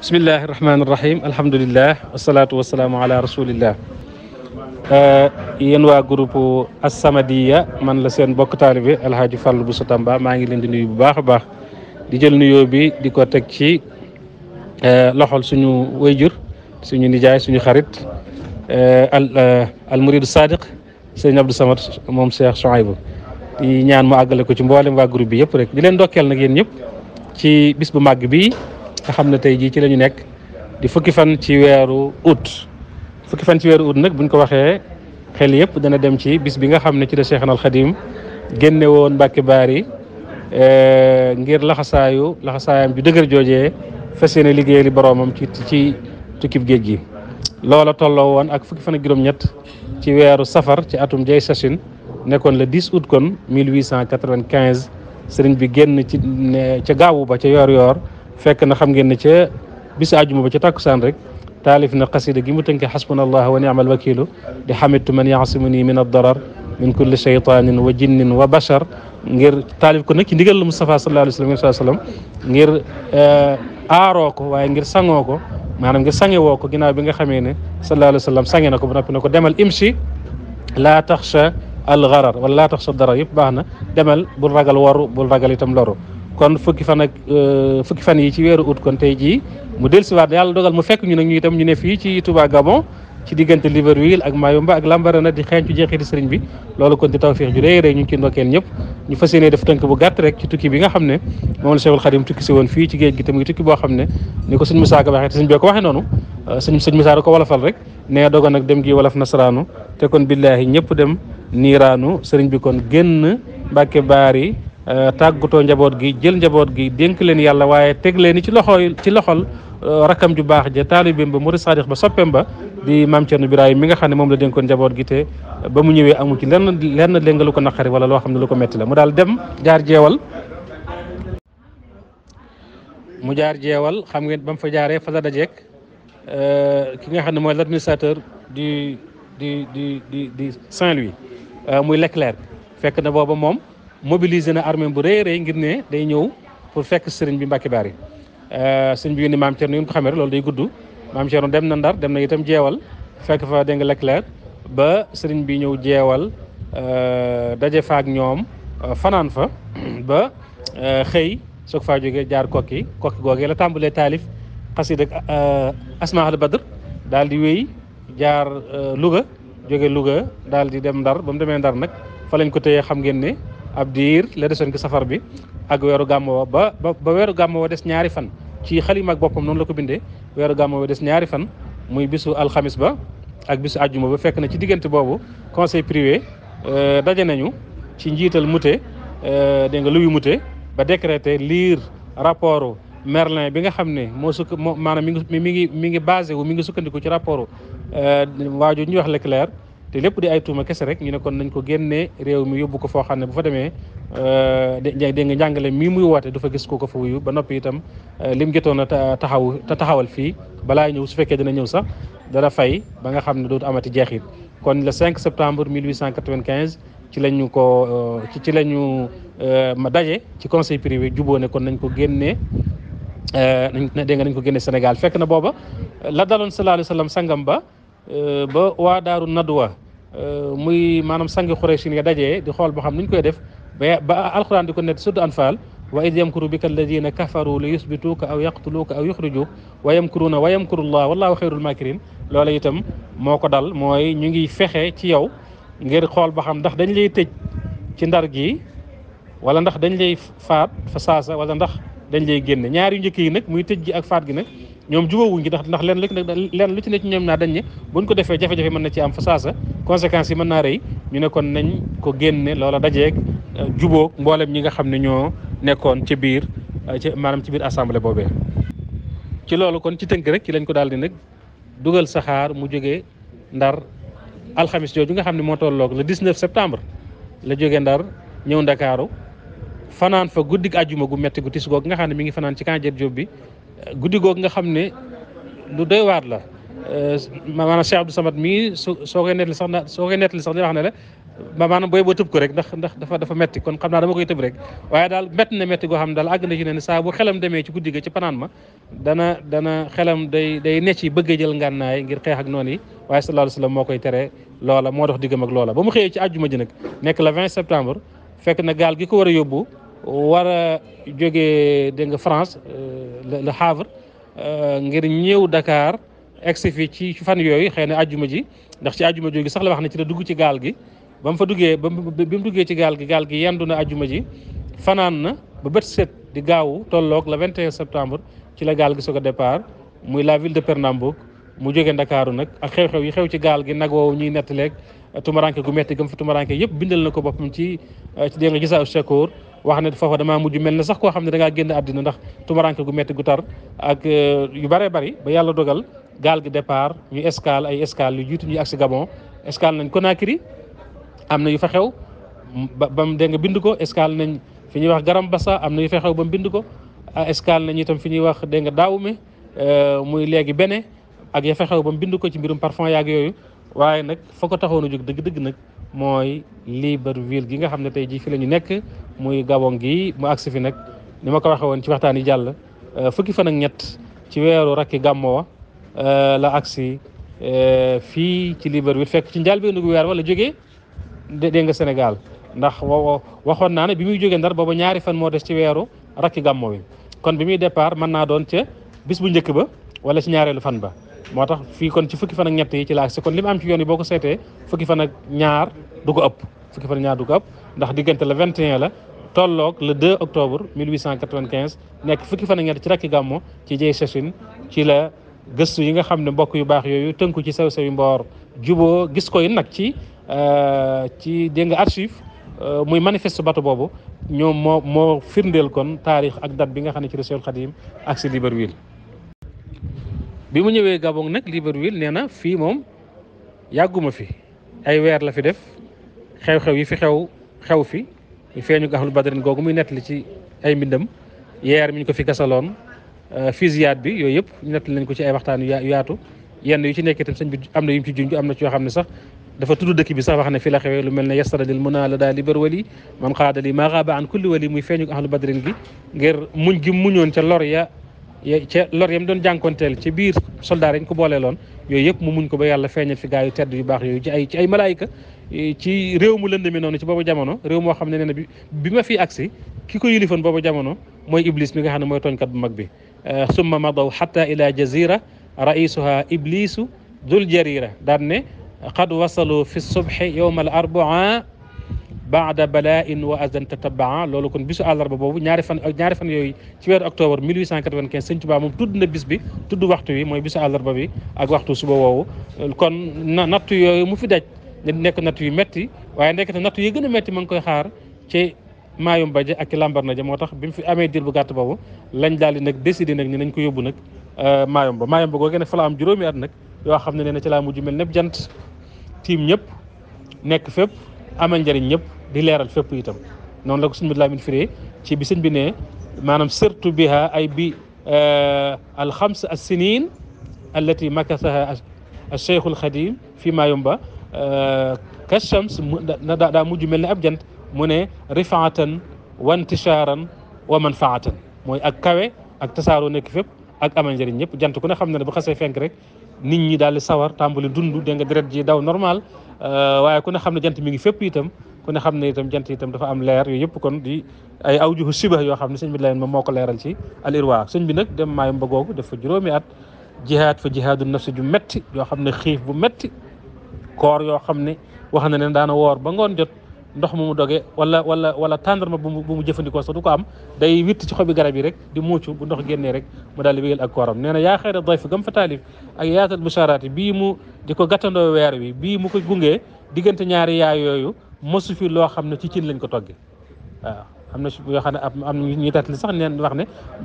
bismillahi rahmaani rahim alhamdulilah wasalaatu wasalaamu ala rasulillah eh, yéen waa groupe As-Samadiyya man la seen bokk taalibe alhaaji Fàllu bu Sotamba maa ngi leen di nuyu bu baax a baax di jël nuyoo bi di ko teg ci eh, loxol suñu wayjur suñu nijaay suñu xarit eh, al al muridu sadiq sëñ Samad moom Cheikh Souaïbou di ñaan mu àggale ko ci mboole waa groupe bi yëpp rek di leen ndokkeel nag yéen ñëpp ci bis bu màgg bi xam na tey jii ci lañu nekk di fukki fan ci weeru août fukki fan ci weeru août nag buñ ko waxee xel yëpp dana dem ci bis bi nga xam ne ci la Cheikh al Xadim génne woon yi Baari eh, ngir laxasaayu laxasaayam ju dëgër joojee fas yéene liggéeyal li boroomam ci ci tukkib géej gi loola tolloo woon ak fukki fan ak juróom-ñett ci weeru safar ci atum jay sasin nekkoon le 10 août kon 1895 sëriñ bi génn ci ca gaawu ba ca yoor yoor fekk na xam ngeen ne ca bisu àjjuma ba ca tàkkusaan rek taalif na xasida gi mu tënke xasbunallah wa ni'mal wakilu di xamitu man yaasimuni min addarar min kulli shaytanin wa jinnin wa bashar ngir taalif ko nag ci ndigal la Mustafa sallallahu alayhi wa sallam ngir eh, aaroo ko waaye ngir sangoo ko maanaam ngir sange woo ko ginnaaw bi nga xamee ne sallallahu alayhi wa sallam sange na ko ba noppi na ko demal imsi laa taxsha al gharar wala laa taxsha darar yëpp baax na demal bul ragal waru bul ragal itam loru kon fukki fan ak euh, fukki fan yi ci weeru ut kon tey jii mu dellusiwaat yàlla dogal mu fekk ñu nag ñu itam ñu ne fii ci Touba Gabon ci diggante Libreville ak Mayumba ak na di xeeñcu jeexiti sëriñ bi loolu kon di tawféex ju rëy rëy ñu ngi ci ndokkeel ñëpp ñu fas yéene def tënk bu gàtt rek ci tukki bi nga xam ne moom la Cheikhul Khadim tukki si woon fii ci géej gi te muy tukki boo xam ne ni ko sëñ Moussa Ka waxee te sëñ bi ko waxee noonu euh, sëñ sëñ Moussa ko walafal rek ne dogoon ak dem te kon billaahi ñëpp dem niiraanu sëriñ bi kon génn Mbàkke Baari Euh, tàggatoo njaboot gi jël njaboot gi dénk leen yàlla waaye teg leen ci loxoy ci loxol euh, rakkam ju baax ja taalibeem ba murid saadix ba soppeem ba di maam Cerno Birahim mi nga xam ne moom la dénkoon njaboot gi te ba mu ñëwee amul ci lenn lenn lénga lu ko naqari wala loo xam ne lu ko metti la mu daal dem jaar jeewal mu jaar jeewal xam ngeen ba mu fa jaaree fa la dajeek euh, ki nga xam ne mooy l'administrateur du di du du Saint-Louis muy Leclerc fekk na booba moom mobilisé na armée bu rëy rëy ngir ne day ñëw pour fekk sëriñ bi Mbacke Bary euh, sëriñ bi yónni maam Thierno yu ko xamee loolu day gudd maam Thierno dem na ndar dem na itam jeewal fekk fa dégg nga Leclerc ba sëriñ bi ñëw jeewal euh, daje fa ñoom euh, fanaan fa ba xëy soog faa jógee jaar kokki kokki googee la tàmbalee taalif xasida asmaa al badr daal di wéy jaar Louga jóge Louga daal di dem ndar ba mu demee ndar nag fa lañ ko téye xam ngeen ne. ab diir la desoon ci safar bi ak weeru gàmmoo ba ba weeru gàmmoo des ñaari fan ci xalima ak boppam noonu la ko bindee weeru gàmmoo des ñaari fan muy bisu alxamis ba ak bisu àjjuma ba fekk na ci diggante boobu conseil privé euh, daje nañu ci njiital mute euh, dégg nga luy mute ba décréter liir rapport Merlin bi nga xam ne moo sukk moo maanaam mi ngi mi ngi mi ngi basé wu mi ngi sukkandiku ci rapport euh, waajur ñuy wax Leclerc te lépp di aytuma kese rek ñu ne kon nañ ko génnee réew mi yóbbu ko foo xam ne bu fa demee euh, dégg nga njàngale mii muy woote du fa gis ko ko fa wuyu ba noppi itam euh, lim jotoon a taxaw taxawal fii balaa ñëw su fekkee dina ñëw sax dana fay ba nga xam ne dootu amati jeexit kon le cinq septembre 1895 ci lañu ko ci la ñu euh, ma daje ci conseil privé juboo ne kon nañ ko génnee nañ dégg nga nañ ko génne Sénégal fekk na booba la daloon sallallahu alayhi wa ba. Euh, ba waa daaru nadwa euh, muy maanaam sangi xuraysin ya dajee di xool boo xam nuñ koy def ba ba alxuraan di ko net surtout anfaal wa id yamkuru bika alladina kafaru li yusbituuka aw yaqtuluuka aw yuxrijuuk wa yamkuruuna wa yamkurullah wallahu xayrul makirin loola itam moo ko dal mooy ñu ngiy fexe ci yow ngir xool boo xam ndax dañ lay tëj ci ndar gi wala ndax dañ lay faat fa saasa wala ndax dañ lay génne ñaar yu njëkk yi nag muy tëj gi ak faat gi nag ñoom jubóowuñ gi ndax ndax leen lu ci leen lu ci ne ci ñoom naa dañ ne buñ ko defee jafe-jafe mën na ci am fa saasa conséquences yi mën naa rëy ñu ne kon nañ ko génne loola dajeeg euh, jubóog mbooleem ñi nga xam ne ñoo nekkoon ci biir euh, ci maanaam ci biir assemblée boobee. ci loolu kon ci tënk rek ci lañ ko daal di nag dugal saxaar mu jógee ndar alxamis jooju nga xam ne moo tolloog le 19 septembre la jógee ndar ñëw ndakaaru fanaan fa guddig àjjuma gu metti gu tis goog nga xam ne mi ngi fanaan ci Kandé Diop bi guddi goog nga xam ne lu doy waar la euh, maanaam Cheikh Abdou samat mii su soo koy nettali sax na soo koy nettali sax di wax ne la maanaam booy boo tëb ko rek ndax ndax dafa dafa metti kon xam naa dama koy tëb rek waaye daal metti na metti goo xam ne daal àgg na ci ne saa bu xelam demee ci guddi ga ci panaan ma dana dana xelam day day necc yi bëgg a jël ngànnaay ngir xeex ak noonu yi waaye sa alayhi wa sallam moo koy tere loola moo dox diggam ak loola ba mu xëyee ci àjjuma ji nag nekk le 20 septembre fekk na gaal gi ko war a yóbbu war jóge jógee dégg nga France euh, le Havre euh, ngir ñëw Dakar egsi fi ci fan yooyu xëy na àjjuma ji ndax ci àjjuma jooju sax la wax na ci la dugg ci gaal gi ba mu fa duggee ba bi mu duggee ci gaal gi gaal gi yendu na àjjuma ji fanaan na ba bët set di gaawu tolloog la 21 septembre ci la gaal gi soog a départ muy la ville de Pernambouc mu jóge Ndakaaru nag ak xew-xew yi xew ci gaal gi nag woowu ñuy nettaleeg tumaranke gu metti gëm fa tumaranke yëpp bindal na ko boppam ci euh, ci dégg nga gisaa Shakoor wax ne foofa damaa mujj mel ne sax koo xam ne da génn àddina ndax tumaranke gu metti gu tar ak euh, yu bare bari ba yàlla dogal gaal gi départ ñu escale ay escale yu jiitu ñuy agsi Gabon escale nañ Conakry am na yu fa xew ba mu dégg nga bind ko escale nañ fi ñuy wax Garambassa am na yu fa ba mu bind ko ah, escale nañ itam fi ñuy wax dégg nga Daoumé euh, muy léegi bene ak ya fa xew ba bind ko ci mbirum parfum yaag yooyu waaye nag fa ko taxoon a jóg dëgg-dëgg nag mooy Libreville gi nga xam ne tey jii fi la ñu nekk muy Gabon gi mu agsi fi nag ni ma ko waxee woon ci waxtaan yi jàll euh, fukki fan ak ñett ci weeru rakki gàmmoo euh, la agsi euh, fii ci Libreville fekk ci njëlbéenu weer wala jógee dégg nga Sénégal ndax waxoon naa ne bi muy jógee ndar boobu ñaari fan moo des ci weeru rakki gàmmoo bi kon bi muy départ mën naa doon ca bis bu njëkk ba wala ci ñaareelu fan ba moo tax fii kon ci fukki fan ak ñett yi ci la agsi kon lim am ci yoon yi boo ko seetee fukki fan ñaar du ko ëpp fukki fan ak ñaar du ko ëpp ndax diggante le 21 la tolloog le 2 octobre 1895 nekk fukki fana ak ñett ci rakki gàmmo ci jey sesune ci la gëstu yi nga xam ne mbokk yu baax yooyu tënku ci sew-sew yu mboor juboo gis ko yi nag ci euh, ci dégg nga archive euh, muy manifeste bato boobu ñoom moo moo firndeel kon taarix ak date bi nga xam ne ci la Seexul Xadiim ak si Libreville bi mu ñëwee Gabon nag Libreville nee na fii moom yàgguma fi ay weer la fi def xew-xew yi fi xew xew fi feeñu gaxlu badrin googu muy nettali ci ay mbindam yeer mi ñu ko fi gasaloon euh, fusillade bi yooyu yëpp nettali nañ ko ci ay waxtaan yaatu yenn yu ci nekk itam sëñ bi am na yu mu ci am na ci yoo xam ne sax dafa tudd dëkk bi sax wax ne fi la lu mel ne yestaradil muna la daa libar wali man xaadali maa xaaba an kulli wali muy feeñu gaxlu badrin gi ngir muñ gi muñoon ca lor ya ca lor yam doon jànkonteel ci biir soldaar yañ ko booleeloon yooyu yëpp mu muñ ko ba yàlla feeñal fi gaa yu tedd yu baax yooyu ci ay ci ci réew mu lënd mi noonu ci boobu jamono réew moo xam ne nee na bi bi ma fi agsi ki ko yilifoon boobu jamono mooy iblis mi nga xam ne mooy tooñkat bu mag bi eh, summa madaw xata ila jazira raisuha iblisu dul jarira daan ne qad wasalu fi subhi yowma al arbaa baada bala in wa azan tatabaa loolu kon bisu àllarba boobu ñaari fan ñaari fan yooyu ci weeru octobre 1895 sëñ Tuubaa moom tudd na bis bi tudd waxtu wi mooy bisu àllarba bi ak waxtu suba woowu kon na nattu yooyu mu fi daj nekk nattu yu metti waaye nekk na nattu yi gën a metti ma ngi koy xaar ci maayum baje ak lambar na ja moo tax bi mu fi amee diir bu gàtt boobu lañ daal di nag décidé nag nañ ko yóbbu nag euh, maayom ba maayom ba googee nag fa la am juróomi yoo xam ne nee na ci laa mujj mel nepp jant ñëpp nekk fépp ama njëriñ ñëpp di leeral fépp itam noonu la ko suñu laamin firee ci bi sëñ bi ne maanaam sirtu biha ay bi eh, alxams assinin allati makasaha alcheikhu alxadim fi ma yomba eh, kachams daa mujj mel ne ab jant mu ne rifaatan wa intisharan wa manfaatan mooy ak kawe ak tasaaroo nekk fépp ak ama njëriñ ñëpp jant ku ne xam na ne bu xasee fenk rek nit ñi daal di sawar tàmbali dund dégg nga deret ji daw normal eh, waaye ku ne xam ne jant mi ngi fépp itam kon ne xam ne itam jant itam dafa am leer yooyu yëpp kon di ay awjuhu siba yoo xam ne sëñ bi leen moom moo ko leeral ci al irwa sëñ nag dem maayam ba googu def fa juróomi at jihaad fa jihaadu nafsi ju metti yoo xam ne xiif bu metti koor yoo xam ne wax na daan daana woor ba ngoon jot ndox mu mu doge wala wala wala tàndarma bu mu bu mu jëfandikoo sax du ko am day witt ci xobi garab yi rek di muucu bu ndox génnee rek mu daal di wéyal ak kooram nee na yaa xeer a gam fa taalif ak yaatal busaraati bii mu di ko gàttandoo weer wi bii mu ko gungee diggante ñaari yaay yooyu mosu fi loo xam ne ci cin lañ ko togge waaw am na yoo xam ne ab ñuy tàttali sax neen wax ne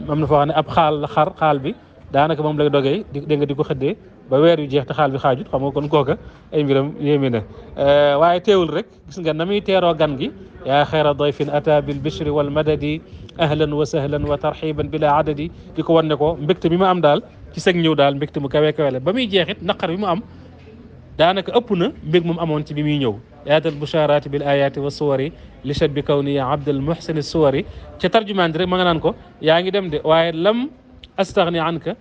am na foo xam ne ab xaal la xar xaal bi daanaka moom lay dogee di dégg nga di ko xëddee ba weer yu jeex te xaal bi xaajut xam nga kon kooka ay mbiram yéeme na euh, waaye teewul rek gis nga na muy teeroo gan gi yaa xayra dayfin ata bil bishri wal madadi ahlan wa sahlan wa tarxiban bila adadi di ko wan ko mbégte bi mu am daal ci seg ñëw daal mbégte mu kawe kawe la ba muy jeexit naqar bi mu am daanaka ëpp na mbég moom amoon ci bi muy ñëw yaatal busharaati bil ayaati wa suwari li chat bi kaw ni abdul muhsin suwari ca tarjumaan di rek ma nga naan ko yaa ngi dem de waaye lam astaghni anka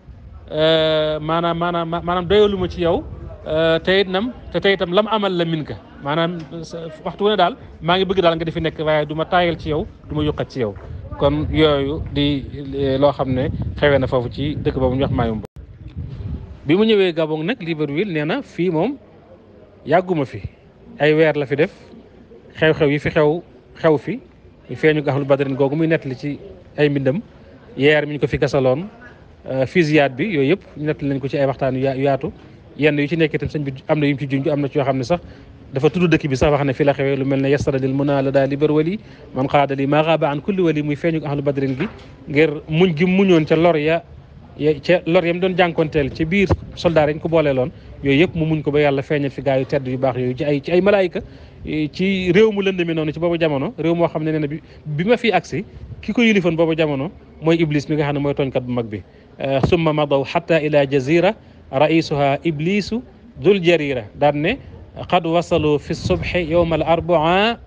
eh, maanaam maanaam maanaam doyalu ma ci yow eh, te it nam te tey itam lam amal la min ka maanaam eh, waxtu wu daal maa ngi bëgg daal nga di nekk waaye du ma taayal ci yow duma ma yuqat ci yow kon yooyu di loo xam ne xewee na foofu ci dëkk boobu ñu wax maayum bi mu ñëwee Gabon nag Libreville nee na fii moom yàgguma fi ay weer la fi def xew-xew yi fi xew xew fi feeñu ahlu badrin googu muy nettali ci ay mbindam yeer mi ñu ko fi gasaloon euh, fisiyaat bi yooyu yëpp nettali nañ ko ci ay waxtaan yaatu yenn yu ci nekk itam sëñ bi am na yu mu ci junj am na ci yoo xam ne sax dafa tudd dëkk bi sax wax ne fi la xewee lu mel ne yestaradil muna la daa libar wali man xaadali maa xaaba an kulli wali muy feeñu ahlu badrin gi ngir muñ gi muñoon ca lor ya ca lor yam doon jànkonteel ci biir soldaar yañ ko booleeloon yooyu yëpp mu muñ ko ba yàlla feeñal fi gaa yu tedd yu baax yooyu ci ay ci ci réew mu lënd mi noonu ci boobu jamono réew moo xam ne nee na bi bi ma fi agsi ki ko yilifoon boobu jamono mooy iblis mi nga xam ne mooy tooñkat bu mag bi eh, summa madaw xata ila jazira raisuha iblisu dul jarira daan ne qad wasalu fi subhi yowma al arbaa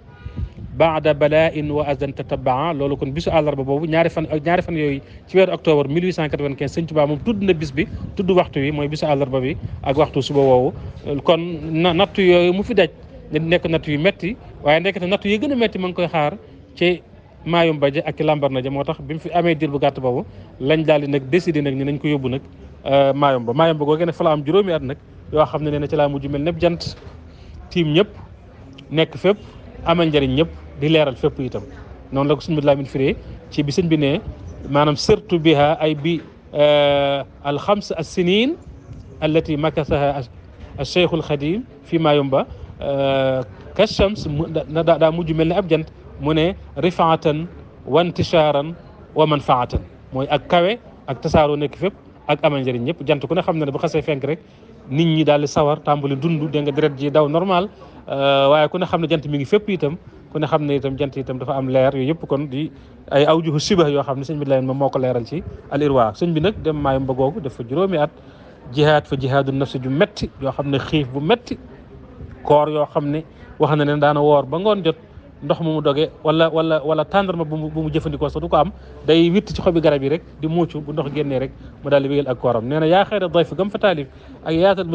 baada bala in wa azan tatabaa loolu kon bisu àllarba boobu ñaari fan ñaari fan yooyu ci weeru octobre 1895 sëñ Tuubaa moom tudd na bis bi tudd waxtu wi mooy bisu àllarba bi ak waxtu suba woowu kon na nattu yooyu mu fi daj nekk nattu yu metti waaye nekk na nattu yi gën a metti ma ngi koy xaar ci maayum baje ak lambar na ja moo tax bi mu fi amee diir bu gàtt boobu lañ daal di nag décidé nag nañ ko yóbbu nag euh, maayom ba maayom ba googee nag fa la am juróomi at nag yoo xam ne nee na ci laa mujj mel nepp jant ñëpp nekk fépp ama njëriñ ñëpp di leeral fépp itam noonu la ko suñu laamin firee ci bi sëñ bi ne maanaam sirtu biha ay bi eh, alxams assinin allati makasaha alcheikhu alxadim fi ma yomba eh, kachams daa mujj mel ni ab jant mu ne rifaatan wa intisharan wa manfaatan mooy ak kawe ak tasaaroo nekk fépp ak ama njëriñ ñëpp jant ku ne xam na ne bu xasee fenk rek nit ñi daal di sawar tàmbali dund dégg nga deret ji daw normal eh, waaye ku ne xam ne jant mi ngi fépp itam ku ne xam ne itam jant itam dafa am leer yooyu yëpp kon di ay awjuhu siba yoo xam ne sëñ bi leen moom leeral ci al irwa bi nag dem maayam ba googu def fa juróomi at jihaad fa jihaadu nafsi ju metti yoo xam ne xiif bu metti koor yoo xam ne wax na ne daana woor ba ngoon jot ndox mu mu doge wala wala wala tàndarma bu mu bu mu jëfandikoo sax du ko am day witt ci xobi garab yi rek di muucu bu ndox génnee rek mu daal di wéyal ak kooram nee na yaa xeera dayf gam fa taalif ak yaatal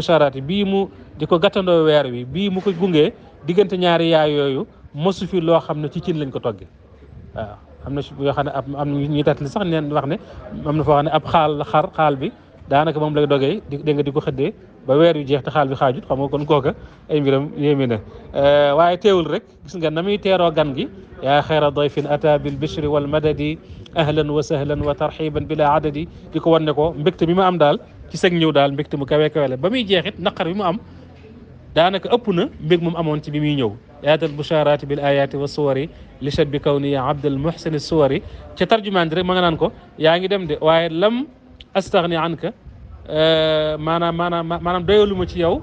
di ko gàttandoo weer wi bii mu ko gungee diggante ñaari yaay mosu fi loo xam ne ci cin lañ ko togge waaw am na yoo xam ne ab am na ñuy tàttali sax neen wax ne am na foo xam ne ab xaal la xar xaal bi daanaka moom lay dogee di dégg nga di ko xëddee ba weer yu jeex te xaal bi xaajut xam nga kon kooka ay mbiram yéeme na euh, waaye teewul rek gis nga na muy teeroo gan gi yaa xeera dayfin ata bil bishri wal madadi ahlan wa sahlan wa tarxiban bila adadi di ko wan ne ko mbégte bi ma am daal ci sëg ñëw daal mbégte mu kawe kawe la ba muy jeexit naqar bi mu am daanaka ëpp na mbég moom amoon ci bi muy ñëw yaatal busharati bil ayati wa suwari li chat bi kaw ni abdul muhsin suwari ca tarjumaan di rek ma nga naan ko yaa ngi dem de waaye lam astaghni anka eh, maanaam maanaam maanaam doyalu ma ci yow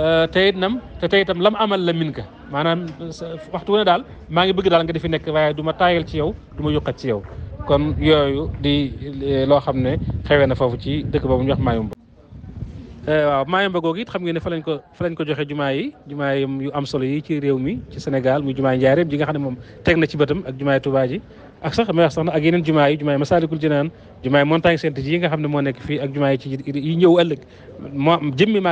eh, tey nam te tey itam lam amal la minka maanaam waxtu wu ne daal maa ngi bëgg daal nga di fi nekk waaye du ma taayal ci yow du ma yuqat ci yow kon yooyu di eh, loo xam ne xewee na foofu ci dëkk boobu ñu wax maayum Eh, waaw maayomba googu it xam ngeen ne fa lañ ko fa lañ ko joxe jumaa yi jumaa yi yu am solo yi ci réew mi ci Sénégal muy jumaa Njaaréem ji nga xam ne moom teg na ci bëtam ak jumaa Tuubaa ji ak sax may wax sax na ak jumaa yi jumaa yi Masaalikul Jinaan jumaa yi Montagne Sainte ji xam ne moo nekk fii ak jumaa yi ci yi ñëw ëllëg moo jëmmi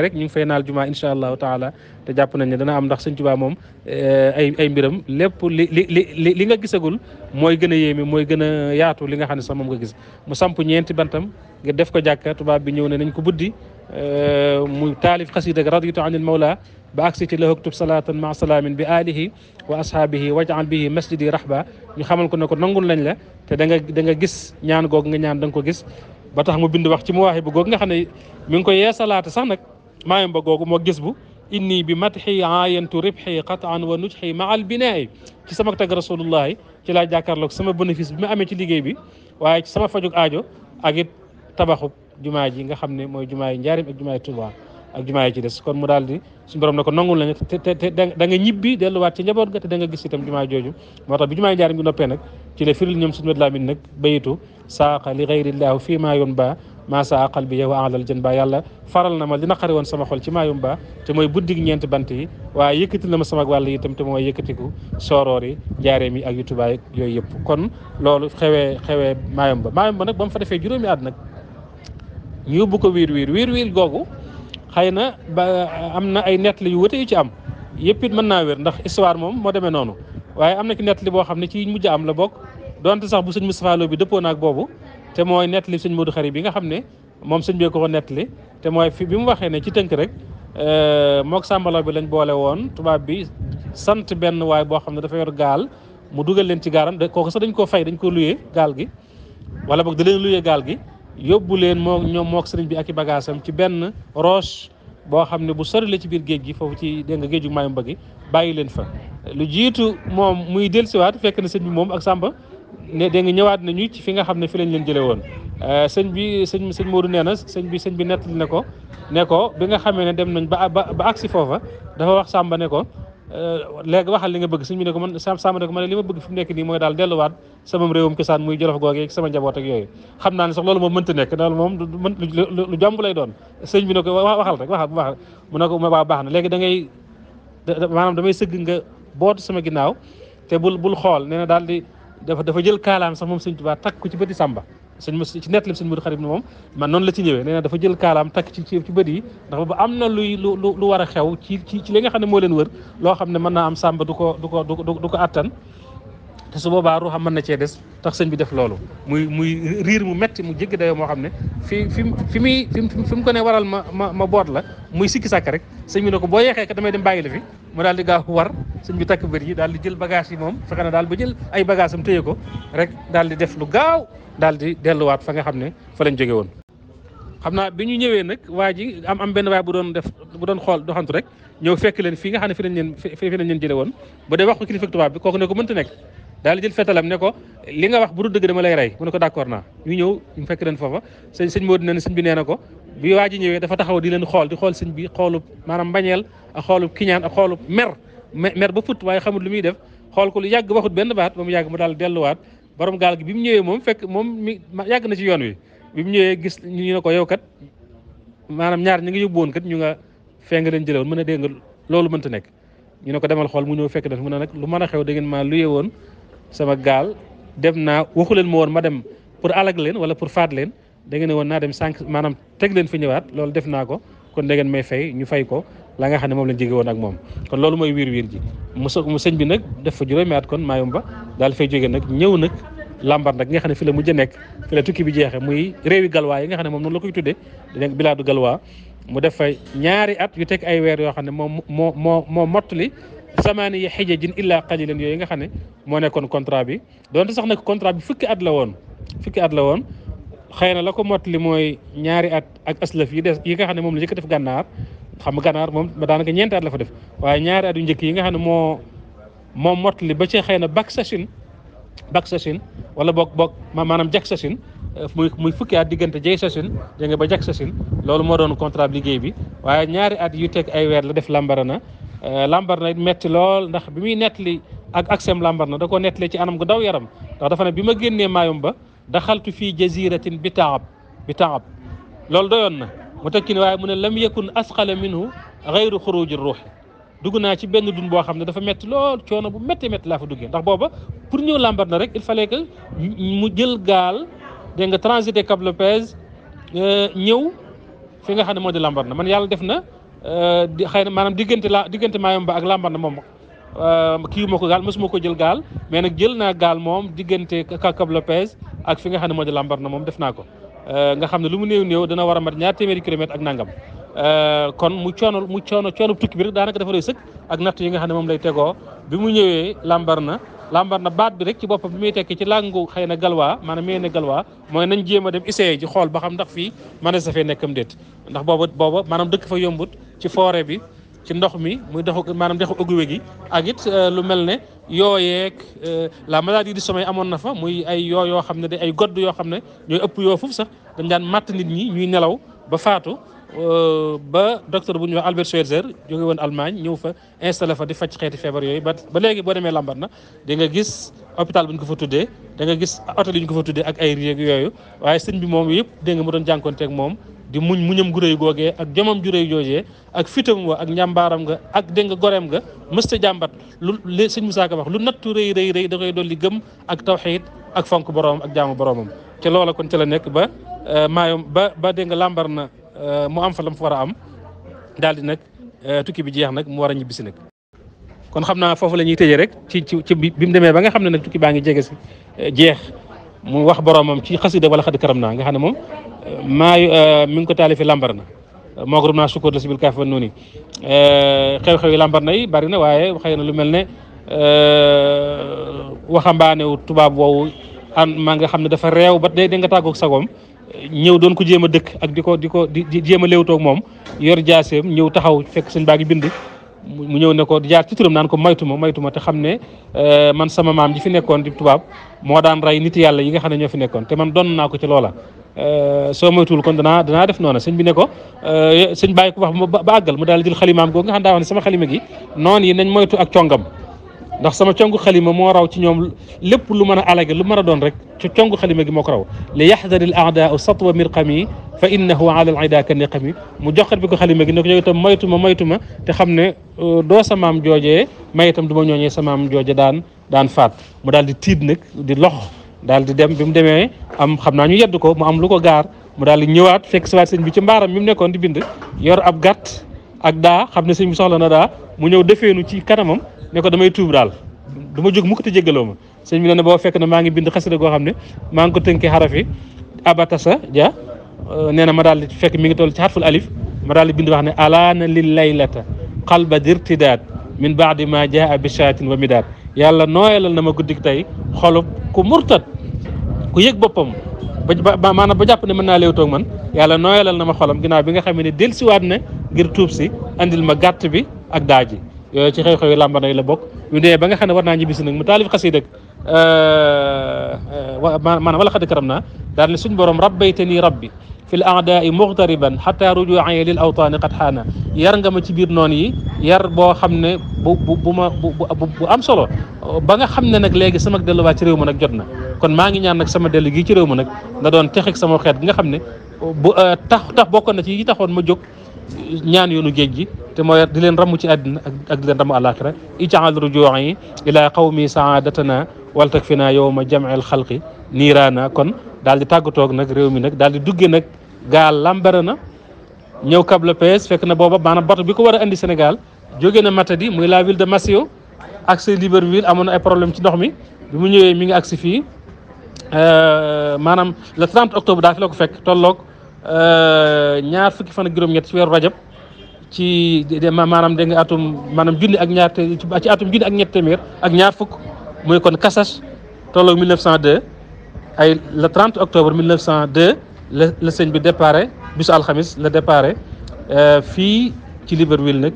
rek ñu ngi fay naal jumaa insha allahu taala te jàpp nañ ne dana am ndax sëñ Tuubaa moom eh, ay ay mbiram lépp li li li li nga gisagul mooy gën a yéeme mooy gën a yaatu li nga xam ne sax moom nga gis mu samp ñeenti bantam nga def ko jàkka tubaab bi ñëw na nañ ko buddi Euh, mu taalif xasida raditu an il mawla ba agsi ci la hoktub salaatan ma salaamin bi alihi wa ashaabihi wajal bihi masjidi rahba ñu xamal ko ne ko nangul lañ la te da nga da nga gis ñaan googu nga ñaan da nga ko gis ba tax mu bind wax ci mu waaxe bu googu nga xam ne mi ngi koy yeesalaate sax nag maayam ba googu moo gis bu inni bi matxi aayantu ribxi qataan wa nujxi ma al binaayi ci sama tag rasulullahi ci laa jàkkaarloog sama bénéfice bi ma amee ci liggéey bi waaye ci sama fajug aajo ak it tabaxub jumaa ji nga xam ne mooy jumaa yi njaarim ak jumaa yi Tuubaa ak jumaa yi des kon mu daal di suñu ko nangul lañu te te da nga ñibbi delluwaat ci njaboot ga te da nga gis itam jumaa jooju moo tax bi jumaa ba maa saa aqal bi ma li naqari woon sama xol ci maayum ba te mooy buddig ñeenti bant yi waaye yëkkati na ma sama wàll yi itam te mooy yëkkatiku sooroor yi ak yu tubaay yooyu yëpp kon loolu xewee xewee maayum ba maayum ba nag ba mu fa defee juróomi at nag ñu yóbbu ko wiir wiir wiir wiir googu xëy na ba eh, am na ay nettali yu wute yu ci am yëpp it mën naa wér ndax histoire moom moo demee noonu waaye am na ki nettali boo xam ne ci mujj am la bokk donte sax bu sëñ Moustapha Lo bi dëppoo naag boobu te mooy nettali sëñ Modou Khari bi nga xam ne moom sëñ bee ko ko nettali te mooy fi bi mu waxee ne ci tënk rek eh, mook sàmbalaw bi lañ boole woon tubaab bi sant benn waay boo xam ne dafa yor gaal mu dugal leen ci gaaram kooku sax dañ koo fay dañ ko luyee gaal gi wala boog da leen gaal gi yóbbu leen moo ñoom mook sëriñ bi ak i bagaasam ci benn roche boo xam ne bu sori ci biir géej gi foofu ci dégg nga géeju maayum bëggi bàyyi leen fa lu jiitu moom muy dellusiwaat fekk na sëñ bi moom ak sàmba ne dégg nga ñëwaat nañu ci fi nga xam ne fi lañ leen jëlee woon euh, sëñ bi sëñ sëñ Modou nee na sëñ bi sëñ bi nettali na ko ne ko bi nga xamee ne dem nañ ba ba agsi foofa dafa wax sàmba ne ko Euh, léegi waxal li nga bëgg sëñ bi ne ko man sam sam ne ko man li ma bëgg fi mu nekk nii mooy daal delluwaat sama réewum cosaan muy jolof googe sama njaboot ak yooyu xam naa ne sax loolu moom mënta nekk daal moom lu jomb lay doon sëñ bi ne ko waxal rek waxal waxal mu ne ko waa baax na léegi da maanaam damay sëgg nga boot sama ginnaaw te bul bul xool nee na daal di dafa dafa jël kaalaam sax moom sëñ Tuubaa takk ko ci bëti Sàmba sëñ ma ci nettali sëñ Modou Xarit ni moom man noonu la ci ñëwee nee na dafa jël kaalaam takk ci ci ci bët yi ndax ba am na luy lu lu war a xew ci ci ci li xam ne moo leen wër loo xam ne mën naa am sàmba du ko du ko du ko du ko attan te su boobaa ruuxam mën na cee des tax sëñ bi def loolu muy muy riir mu metti mu jéggi dayoo moo xam ne fi fi fi muy fi mu ko ne waral ma ma ma boot la muy sikki sàkk rek sëñ bi ne ko boo yeexee ka damay dem bàyyi la fi mu daal di gaaw war sëñ bi takk bër yi daal di jël bagage yi moom fexe na daal ba jël ay bagage am téye ko rek daal di def lu gaaw daal di delluwaat fa nga xam ne fa lañ jóge woon xam naa bi ñu ñëwee nag waa ji am am benn waay bu doon def bu doon xool doxantu rek ñëw fekk leen fii nga xam ne fi bi kooku ne ko mënta nekk daal di jël fetalam ne ko li nga wax bu dul dëgg dama lay rey mu ne ko d'accord naa ñu ñëw ñu fekk leen foofa sëñ sëñ moo dina ne sëñ bi nee na ko bi waa ñëwee dafa taxaw di leen xool di xool sëñ bi xoolub maanaam mbañeel ak xoolub kiñaan ak xoolub mer mer ba fut waaye xamul lu muy def xool ko lu yàgg waxut benn baat ba mu yàgg mu daal delluwaat borom gaal gi bi mu ñëwee moom fekk moom mi yàgg na ci yoon wi bi mu ñëwee gis ñu ne ko yow kat maanaam ñaar ñu ngi yóbbu woon kat ñu nga fee nga leen jëlewoon mën a dégg nga loolu mënta nekk ñu ne ko demal xool mu ñëw fekk def lu mën a xew ngeen maa luye sama gaal dem naa waxu leen ma woon ma dem pour alag leen wala pour faat leen da ngeen ne woon naa dem sànq maanaam teg leen fi ñëwaat lool def naa ko kon da ngeen may fay ñu fay ko la nga xam ne moom lañ jege woon ak moom kon loolu mooy wiir wiir ji mu sëñ bi nag def fa juróomi at kon Mayumba fay jógee nag ñëw nag lambar nag nga xam ne fi la mujj nekk fi la tukki bi jeexe muy réewi galwaa yi nga xam ne moom noonu la koy tuddee dañ bilaadu galwaa mu def fa ñaari at yu teg ay weer yoo xam ne moo moo moo moo mottali samaaniya xijajin illaa qalilan yooyu nga xam ne moo nekkoon contrat bi doonte sax nag contrat bi fukki at la woon fukki at la woon xëy na la ko mot li mooy ñaari at ak aslaf yi des yi nga xam ne moom la njëkk def gànnaar xam nga gànnaar moom daanaka ñeenti at la fa def waaye ñaari at yu njëkk yi nga xam ne moo moom mot li ba ci xëy na bak sasin bak sasin wala boog boog maanaam jak sasin eh, muy muy fukki at diggante jay sasin da nga ba jak sasin loolu doon contrat liggéey bi waaye ñaari at yu teg ay weer la def lambarana Eh, lambar na it metti lool ndax bi muy nettali ak ak sem lambar na da koo nettali ci anam gu daw yaram ndax dafa ne bi ma génnee maayom ba daxaltu fii jaziratin bi taab bi taab loolu doyoon na mu tekki ne waaye mu ne lam yakun asqala minhu xayru xuruji ruuxi dugg naa ci benn dun boo xam ne dafa metti lool coono bu métti métti laa fa duggee ndax booba pour ñëw lambar na rek il fallait que mu jël gaal dégg nga transité Cap Lopez eh, ñëw fi nga xam ne moo di lambar na man yàlla def na Euh, di xëy na maanaam diggante la diggante Mayumba ak Lambaréné moom euh, kii moo ko gaal mosuma ko jël gaal mais nag jël naa gaal moom diggante Kakab Lopez ak fi nga xam ne moo di Lambaréné moom def naa ko euh, nga xam ne lu mu néew néew dana war a mat ñaar téeméeri kilomètre ak nangam kon mu coono mu coono coono tukki bi rek daanaka dafa doy sëkk ak natt yi nga xam ne moom lay tegoo bi mu ñëwee Lambaréné Lambaréné baat bi rek ci boppam bi muy tekki ci làngu xëy na galwaa maanaam mee ne galwaa mooy nañ jéem a dem essayé xool ba xam ndax fii mën na sa fee nekkam déet ndax booba booba maanaam dëkk fa yombut ci foore bi ci ndox mi muy doxu maanaam dexu ëgguwe gi ak it euh, lu mel ne yooyeeg euh, la maladie du sommeil amoon na fa muy ay yoo yoo xam ne day ay godd yoo xam ne ñooy ëpp yoo foofu sax dañ daan mattanit ñi ñuy nelaw ba faatu euh, ba docteur bu ñuy wax Albert Schweitzer jóge woon Allemagne ñëw fa installé fa di faj xeeti feebar yooyu ba ba léegi boo demee Lambaréné di nga gis hôpital buñ ko fa tuddee da nga gis hôtel yi ñu ko fa tuddee ak ay réeg yooyu waaye sëñ bi moom yëpp dégg nga mu doon jànkonteeg moom di muñ muñam gu rëy googee ak jomam ju rëy ak fitam wa ak njàmbaaram nga ak dégg nga goreem nga mësta jàmbat lu li sëñ Musaa Ka wax lu nattu rëy rëy rëy da koy dolli gëm ak tawxiid ak fonk boroom ak jaamu boroomam te loola kon ci la nekk ba euh, maayom ba ba dégg nga làmbar na euh, mu am fa lam fa war a am daal di nag euh, tukki bi jeex nag mu war a ñibbisi nag kon xam naa foofu la ñuy tëjee rek ci ci ci bi mu demee ba nga xam ne nag tukki baa ngi jege si jeex mu wax boromam ci xasida wala xad karam naa nga xam ne moom maayu euh, mi ngi ko taalifi lambar na moo ko naa sukkoor la si biir kaaf ba euh, xew-xew yi lambar na yi bari na waaye xëy na lu mel ne euh, waxambaane wu tubaab woowu an maa nga xam ne dafa reew ba day da nga tàggoog sagoom ñëw doon ko jéem a dëkk ak di ko di ko di jéem a léewtoog moom yor jaaseem ñëw taxaw fekk seen baagi bind mu ñëw ne ko jaar ci turam naan ko maytuma maytuma te xam ne euh, man sama maam ji fi nekkoon di tubaab moo daan rey nit yàlla yi nga xam ne ñoo fi nekkoon te man doon naa ko ci loola. Euh, soo moytuwul kon danaa danaa def noonu sëñ bi ne ko euh, sëñ bàyyi ku wax ba àggal mu daal jël xalimaam googu nga xam daa ne sama xalima gi noon yi nañ moytu ak congam. ndax sama congu xalima moo raw ci ñoom lépp lu mën a alage lu man a doon rek ci congu xalima gi moo ko raw li yaxdari l aadaau satwa mirqami fa innahu ala al ida ka niqami mu joxat bi ko xalima gi ne ko itam moytu ma moytu ma te xam ne euh, doo sa maam joojee may ma ñooñee sa maam jooje daan daan faat mu daal di tiit nag di lox daal di dem bi mu demee am xam naa ñu yedd ko mu am lu ko gaar mu daal di ñëwaat fekk si waat sëñ bi ci mbaaram mi mu nekkoon di bind yor ab gàtt ak daa xam ne sëñ bi soxla na daa mu ñëw defeenu ci kanamam ne ko damay tuub daal du ma jóg mu ko te jéggaloo ma sëñ bi nee na boo fekk na maa ngi bind xasida goo xam ne maa ngi ko tënkee xarafi abatasa ja euh, nee na ma daal di fekk mi ngi toll ci xarful alif ma daal di bind wax ne alaana lil laylata qalba dirtidaad min baadi ma jaa bishaatin wa midaad yàlla nooyalal na ma guddik tey xolub ku murtat ku yëg boppam ba maanaam ba jàpp ne mën naa léew toog man yàlla nooyalal na ma xolam ginnaaw bi nga xam ne dellusiwaat na ngir tuub si andil ma gàtt bi ak daaji yooyu euh, ci xew-xewi làmbana yi la bokk yu dee ba nga xam ne war naa ñibbisi nag mu taalif xasida euh, euh, maanaam wala xad karam naa daal ne suñ borom rabbaytani rabbi fi l aadaai muxtariban xata rujuaye lil awtaani qad xaana yar nga ma ci biir noonu yi yar boo xam ne bu bu bu ma bu am solo ba nga xam ne nag léegi sama delluwaat ci réew ma nag jot na kon maa ngi ñaan nag sama dellu gi ci réew ma nag nga doon texeg sama xeet gi nga xam ne bu tax tax bokkoon na ci yi taxoon ma jog ñaan yoonu géej gi te mooy di leen ramm ci àddina ak di leen ramm àllaaxira ijaal rujuuan yi ilaa qawmi saadatana wal takfina yowma jamci alxalqi niiraana kon daal di tàggatoog nag réew mi nag daal di dugge nag gaal lambara na ñëw Cap Lopez fekk na booba maanaam bato bi ko war indi andi Sénégal jóge na Matadi muy la ville de Maceo accès Libreville amoon na ay problème ci ndox mi bi mu ñëwee mi ngi agsi fii euh, maanaam le 30 octobre daal la ko fekk tolloog Euh, ñaar fukki fan ak juróom-ñett ci weeru rajab ci maanaam dégg atum maanaam junni ak ñaar ci atum junni ak ñett téeméer ak ñaar fukk muy kon kasas tolloog 1902 ay le 30 octobre 1902 la la sëñ bi déparé bisu alxamis la déparé euh, fii ci Libreville nag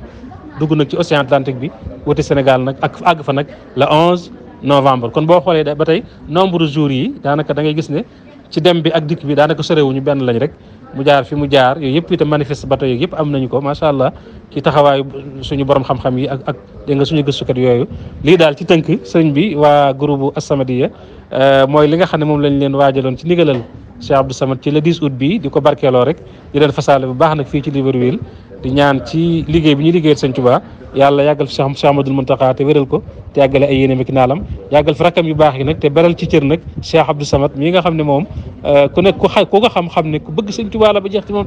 dugg nag ci océan Atlantique bi wuti Sénégal nag ak àgg fa nag le 11 novembre kon boo xoolee ba tey nombre de jours yi daanaka da ngay gis ne ci dem bi ak dikk bi daanaka sorewuñu benn lañ rek. mu jaar fi mu jaar yooyu yëpp itam manifeste bato yooyu yëpp am nañu ko macha allah ci taxawaayu suñu borom xam-xam yi ak ak dégg nga suñu gëstukat yooyu. lii daal ci tënk sëñ bi waa groupe As-Samadiyya euh, mooy li nga xam ne moom lañ leen waajaloon ci ndigalal Cheikh Abdou Samad ci la 10 août bi di ko barkeeloo rek di leen fasaale bu baax nag fii ci Libreville di ñaan ci liggéey bi ñu liggéeyal sëñ Tuubaa yàlla yàggal fi Cheikh Ahmadul Muntaxa te wéral ko te yàggale ay yéene mi ki naalam yàggal fi rakkam yu baax yi nag te beral ci cër nag Cheikh Abdou Samad xam ne moom euh, ku nekk ku xay ku xam-xam ne ku bëgg sëñ Tuubaa la ba jeex ci moom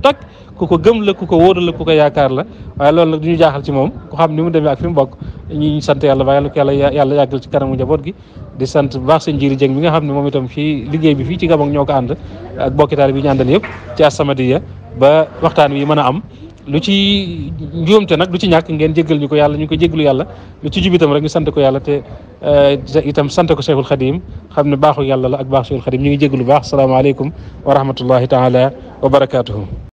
ku ko gëm la ku ko wóoral la ku ko yaakaar la waaye loolu nag du ñu jaaxal ci moom ku xam ni mu demee ak fi sant yàlla ba yàlla ko yàlla yàlla yàggal ci kanamu njaboot gi di sant bu baax sëñ Jiiri Jëng mi nga xam ne moom itam fii liggéey bi fii ci Gabon ñoo ko ànd ak bi ñu àndal yëpp ci As-Samadiyya ba waxtaan wi mën a am lu ci njuumte nag lu ci ñàkk ngeen jéggal ñu ko yàlla ñu ko jéggalu yàlla lu ci jub itam rek ñu sant ko yàlla te eh, itam sant ko Cheikhul Khadim xam ne baaxu yàlla la ak baax Cheikhul Khadim ñu ngi lu baax salaamaaleykum wa rahmatullahi taala wa barakaatuhu